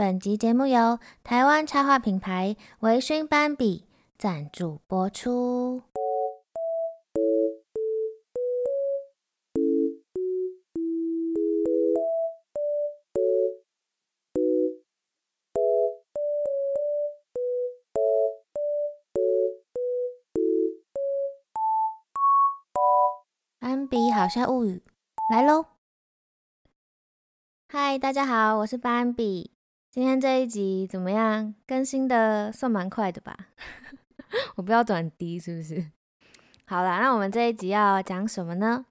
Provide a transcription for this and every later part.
本集節目由台灣插畫品牌維訊斑比贊助播出。斑比好笑物語來嘍！嗨，大家好，我是斑比。今天這一集怎麼樣？更新的算蠻快的吧？ 我不要轉低是不是？好啦，那我們這一集要講什麼呢？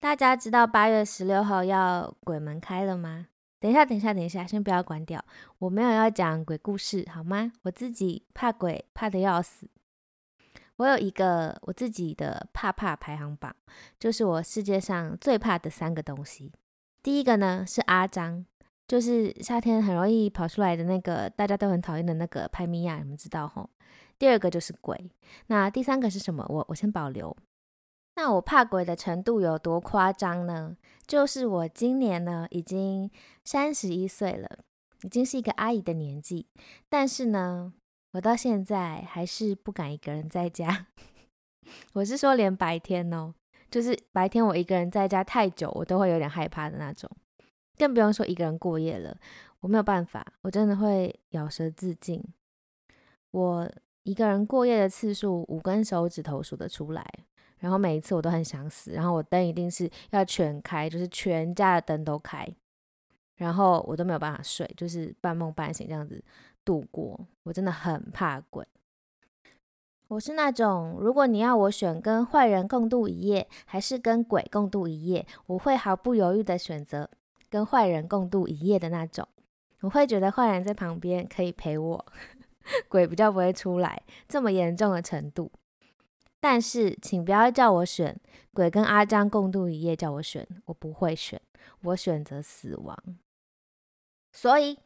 大家知道八月十六號要鬼門開了嗎？等一下，等一下，等一下，先不要關掉。我沒有要講鬼故事，好嗎？我自己怕鬼，怕得要死。我有一個我自己的怕怕排行榜，就是我世界上最怕的三個東西。第一個呢，是阿張。就是夏天很容易跑出來的那個，大家都很討厭的那個拍米亞，你們知道吼。第二個就是鬼，那第三個是什麼？我我先保留。那我怕鬼的程度有多誇張呢？就是我今年呢已經三十一歲了，已經是一個阿姨的年紀，但是呢，我到現在還是不敢一個人在家。 我是說連白天哦，就是白天我一個人在家太久，我都會有點害怕的那種。更不用說一個人過夜了，我沒有辦法，我真的會咬舌自盡。我一個人過夜的次數五根手指頭數得出來，然後每一次我都很想死。然後我燈一定是要全開，就是全家的燈都開，然後我都沒有辦法睡，就是半夢半醒這樣子度過。我真的很怕鬼。我是那種，如果你要我選跟壞人共度一夜，還是跟鬼共度一夜，我會毫不猶豫的選擇。跟壞人共度一夜的那種，我會覺得壞人在旁邊可以陪我，鬼比較不會出來這麼嚴重的程度。但是，請不要叫我選鬼跟阿張共度一夜，叫我選，我不會選，我選擇死亡。所以，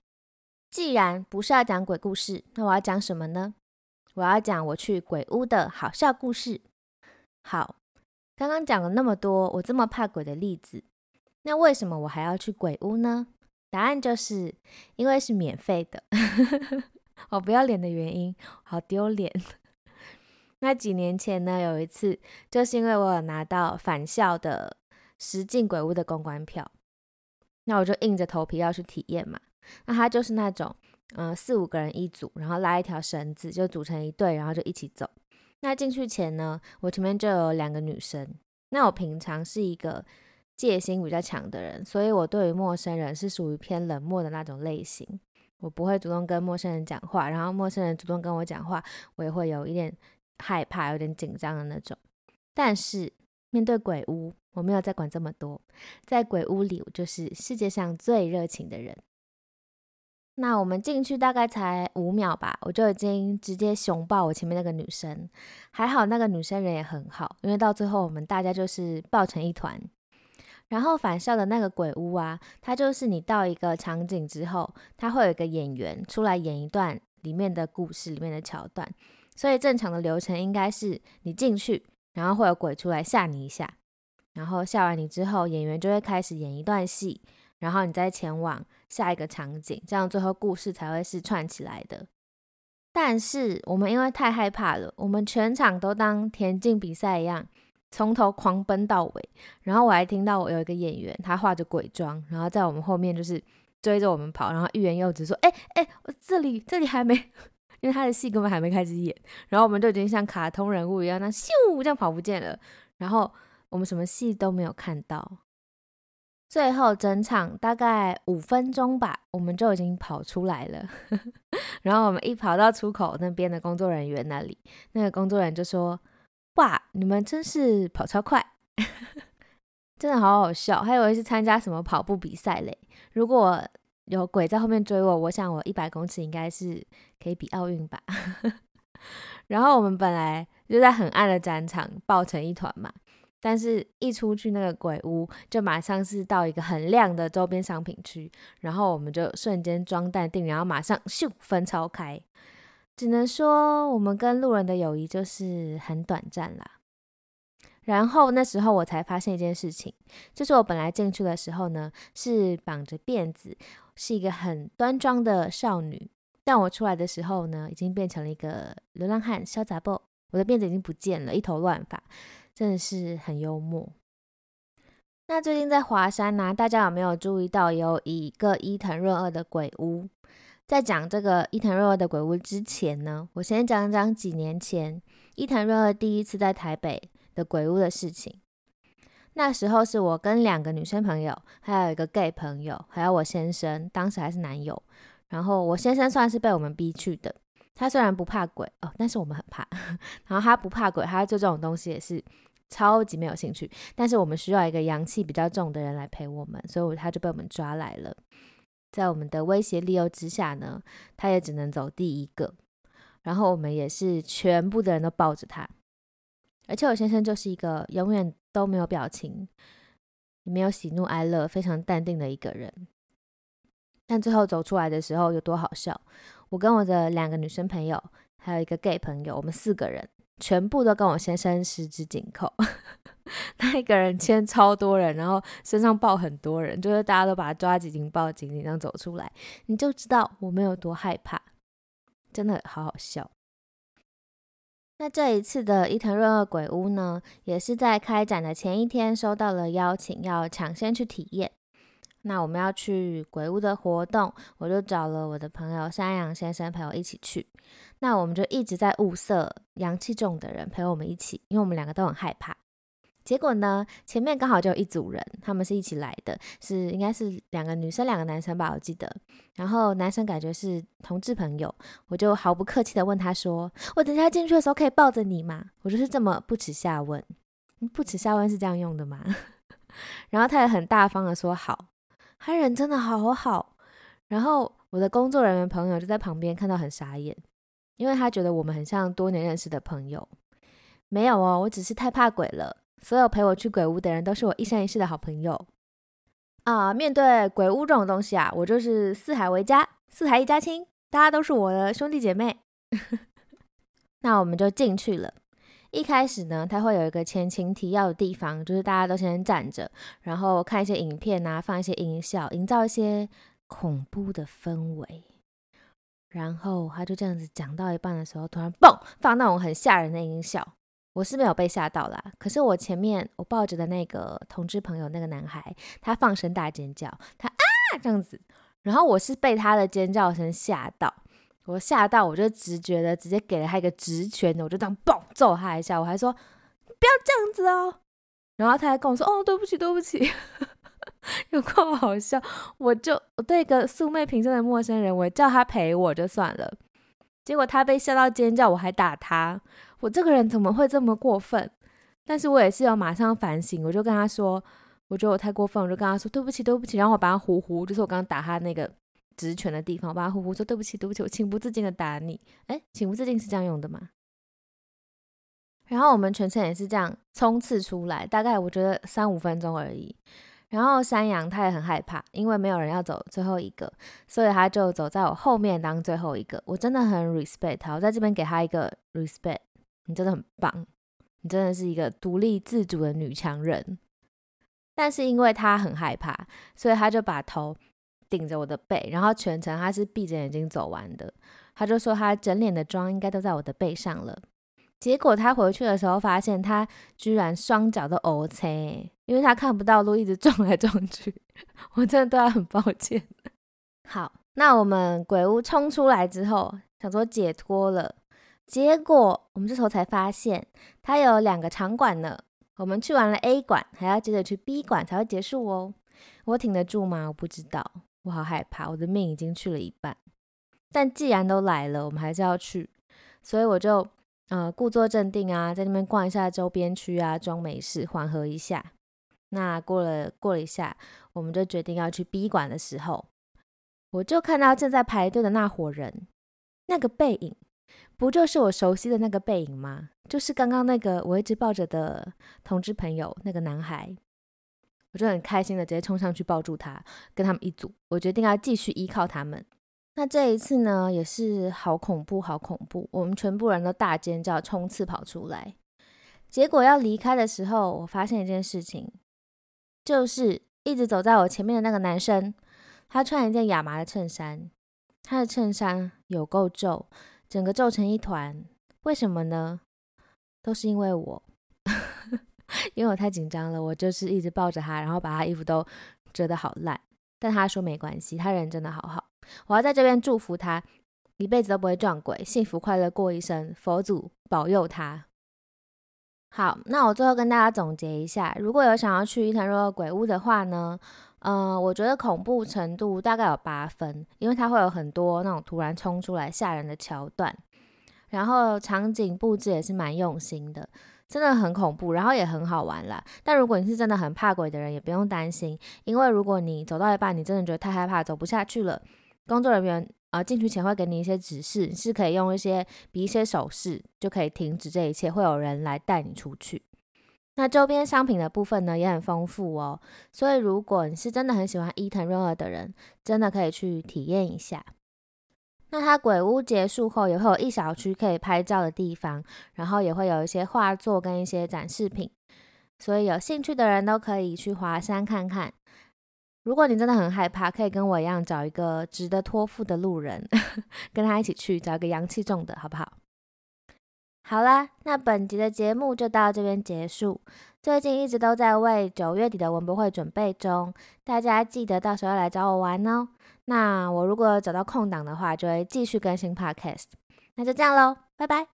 既然不是要講鬼故事，那我要講什麼呢？我要講我去鬼屋的好笑故事。好，剛剛講了那麼多我這麼怕鬼的例子。那為什麼我還要去鬼屋呢？答案就是因為是免費的，好 不要臉的原因，好丟臉。那幾年前呢，有一次，就是因為我有拿到返校的實境鬼屋的公關票，那我就硬着頭皮要去體驗嘛。那它就是那種，嗯、呃，四五個人一組，然後拉一條繩子，就組成一隊，然後就一起走。那進去前呢，我前面就有兩個女生。那我平常是一個，戒心比較強的人，所以我對於陌生人是屬於偏冷漠的那種類型。我不會主動跟陌生人講話，然後陌生人主動跟我講話，我也會有一點害怕、有點緊張的那種。但是面對鬼屋，我沒有再管這麼多。在鬼屋裡，我就是世界上最熱情的人。那我們進去大概才五秒吧，我就已經直接熊抱我前面那個女生。還好那個女生人也很好，因為到最後我們大家就是抱成一團。然後返校的那個鬼屋啊，它就是你到一個場景之後，它會有一個演員出來演一段裡面的故事裡面的橋段。所以正常的流程應該是你進去，然後會有鬼出來嚇你一下，然後嚇完你之後，演員就會開始演一段戲，然後你再前往下一個場景，這樣最後故事才會是串起來的。但是我們因為太害怕了，我們全場都當田徑比賽一樣。從頭狂奔到尾，然後我還聽到我有一個演員，他化着鬼妝，然後在我們後面就是追着我們跑，然後欲言又止說：“哎、欸、哎、欸，我這裡這裡還沒，因為他的戲根本還沒開始演。”然後我們就已經像卡通人物一樣，那咻這樣跑不見了。然後我們什麼戲都沒有看到，最後整場大概五分鐘吧，我們就已經跑出來了。呵呵，然後我們一跑到出口那邊的工作人員那裡，那個工作人員就說。哇，你們真是跑超快， 真的好好笑，還以為是參加什麼跑步比賽嘞。如果有鬼在後面追我，我想我一百公尺應該是可以比奧運吧。 然後我們本來就在很暗的戰場抱成一團嘛，但是一出去那個鬼屋，就馬上是到一個很亮的周邊商品區，然後我們就瞬間裝淡定，然後馬上咻分超開。只能說我們跟路人的友誼就是很短暫啦。然後那時候我才發現一件事情，就是我本來進去的時候呢，是綁着辮子，是一個很端莊的少女，但我出來的時候呢，已經變成了一個流浪漢小雜，瀟灑 boy，我的辮子已經不見了，一頭亂髮，真的是很幽默。那最近在華山呢、啊，大家有沒有注意到有一個伊藤潤二的鬼屋？在講這個伊藤潤二的鬼屋之前呢，我先講講幾年前伊藤潤二第一次在台北的鬼屋的事情。那時候是我跟兩個女生朋友，還有一個 gay 朋友，還有我先生，當時還是男友。然後我先生算是被我們逼去的，他雖然不怕鬼哦，但是我們很怕。 然後他不怕鬼，他對這種東西也是超級沒有興趣。但是我們需要一個陽氣比較重的人來陪我們，所以他就被我們抓來了。在我們的威脅利誘之下呢，他也只能走第一個。然後我們也是全部的人都抱着他，而且我先生就是一個永遠都沒有表情，也沒有喜怒哀樂，非常淡定的一個人。但最後走出來的時候有多好笑，我跟我的兩個女生朋友，還有一個 gay 朋友，我們四個人。全部都跟我先生十指緊扣， 那一個人牽超多人，然後身上抱很多人，就是大家都把他抓緊緊抱緊緊，然後走出來，你就知道我們有多害怕，真的好好笑。那這一次的伊藤潤二鬼屋呢，也是在開展的前一天收到了邀請，要搶先去體驗。那我們要去鬼屋的活動，我就找了我的朋友山羊先生陪我一起去。那我們就一直在物色陽氣重的人陪我們一起，因為我們兩個都很害怕。結果呢，前面剛好就有一組人，他們是一起來的，是應該是兩個女生兩個男生吧，我記得。然後男生感覺是同志朋友，我就毫不客氣的問他說：“我等下進去的時候可以抱着你嗎？”我就是這麼不恥下問。不恥下問是這樣用的嗎？ 然後他也很大方的說：“好。”他人真的好好，然後我的工作人員朋友就在旁邊看到很傻眼，因為他覺得我們很像多年認識的朋友。沒有哦，我只是太怕鬼了。所有陪我去鬼屋的人都是我一生一世的好朋友啊、呃！面對鬼屋這種東西啊，我就是四海為家，四海一家親，大家都是我的兄弟姐妹。 那我們就進去了。一開始呢，他會有一個前情提要的地方，就是大家都先站着，然後看一些影片啊，放一些音效，營造一些恐怖的氛圍。然後他就這樣子講到一半的時候，突然嘣，放那種很嚇人的音效。我是沒有被嚇到啦，啊，可是我前面我抱着的那個同志朋友那個男孩，他放聲大尖叫，他啊這樣子，然後我是被他的尖叫聲嚇到。我嚇到，我就直覺的直接給了他一個直拳，我就這樣暴揍他一下，我還說不要這樣子哦。然後他還跟我說哦，對不起，對不起， 有夠好笑。我就我對一個素昧平生的陌生人，我叫他陪我就算了。結果他被嚇到尖叫，我還打他，我這個人怎麼會這麼過分？但是我也是有馬上反省，我就跟他說，我覺得我太過分，我就跟他說對不起，對不起，然後我把他呼呼，就是我剛剛打他那個。直拳的地方，我把他呼呼說對不起，對不起，我情不自禁的打你。哎，情不自禁是這樣用的嗎？然後我們全程也是這樣衝刺出來，大概我覺得三五分鐘而已。然後山羊他也很害怕，因為沒有人要走最後一個，所以他就走在我後面當最後一個。我真的很 respect 他，我在這邊給他一個 respect。你真的很棒，你真的是一個獨立自主的女強人。但是因為他很害怕，所以他就把頭。頂着我的背，然後全程他是閉着眼睛走完的。他就說他整臉的妝應該都在我的背上了。結果他回去的時候發現，他居然雙腳都瘀青，因為他看不到路，一直撞來撞去。我真的對他很抱歉。好，那我們鬼屋衝出來之後，想說解脫了，結果我們這時候才發現，它有兩個場館呢。我們去完了 A 館，還要接着去 B 館才會結束哦。我挺得住嗎？我不知道。我好害怕，我的命已經去了一半。但既然都來了，我們還是要去，所以我就呃故作鎮定啊，在那邊逛一下周邊區啊，裝沒事，緩和一下。那過了過了一下，我們就決定要去 B 館的時候，我就看到正在排隊的那夥人，那個背影，不就是我熟悉的那個背影嗎？就是剛剛那個我一直抱着的同志朋友，那個男孩。我就很開心的直接衝上去抱住他，跟他們一組。我決定要繼續依靠他們。那這一次呢，也是好恐怖，好恐怖。我們全部人都大尖叫，衝刺跑出來。結果要離開的時候，我發現一件事情，就是一直走在我前面的那個男生，他穿一件亞麻的襯衫，他的襯衫有夠皺，整個皺成一團。為什麼呢？都是因為我。因為我太緊張了，我就是一直抱着他，然後把他衣服都折得好爛。但他說沒關係，他人真的好好。我要在這邊祝福他，一輩子都不會撞鬼，幸福快樂過一生，佛祖保佑他。好，那我最後跟大家總結一下，如果有想要去伊藤若的鬼屋的話呢，呃，我覺得恐怖程度大概有八分，因為它會有很多那種突然衝出來嚇人的橋段，然後場景布置也是蠻用心的。真的很恐怖，然後也很好玩啦。但如果你是真的很怕鬼的人，也不用擔心，因為如果你走到一半，你真的覺得太害怕，走不下去了，工作人員啊、呃、進去前會給你一些指示，是可以用一些比一些手勢就可以停止這一切，會有人來帶你出去。那周邊商品的部分呢也很豐富哦，所以如果你是真的很喜歡伊藤潤二的人，真的可以去體驗一下。那它鬼屋結束後也會有一小區可以拍照的地方，然後也會有一些畫作跟一些展示品，所以有興趣的人都可以去華山看看。如果你真的很害怕，可以跟我一樣找一個值得托付的路人，呵呵，跟他一起去，找一個陽氣重的好不好？好啦，那本集的節目就到這邊結束。最近一直都在為九月底的文博會準備中，大家記得到時候要來找我玩哦。那我如果找到空檔的話，就會繼續更新 Podcast。那就這樣咯，拜拜。